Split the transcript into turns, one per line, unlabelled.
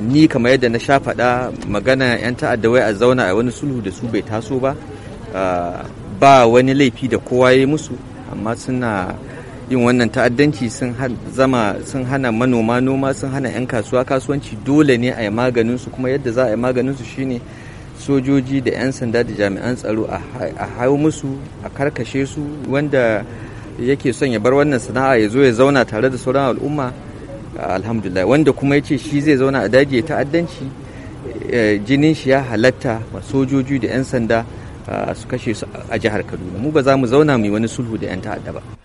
ni kamar yadda na sha faɗa magana 'yan ta'adda wai a zauna a wani sulhu da su bai taso ba ba wani laifi da kowa ya musu amma suna yin wannan ta'addanci sun zama sun hana manoma noma sun hana 'yan kasuwa kasuwanci dole ne a yi maganin su kuma yadda za a yi maganin su shine sojoji da 'yan sanda da jami'an tsaro a hau musu a karkashe su wanda yake son ya bar wannan sana'a ya zo ya zauna tare da sauran al'umma alhamdulillah wanda kuma ya ce shi zai zauna a daji ya ta'addanci eh, jinin shi ya halatta sojoji da 'yan sanda ah, su kashe su a jihar kaduna mu ba za mu zauna mu yi wani sulhu da 'yan ta'adda ba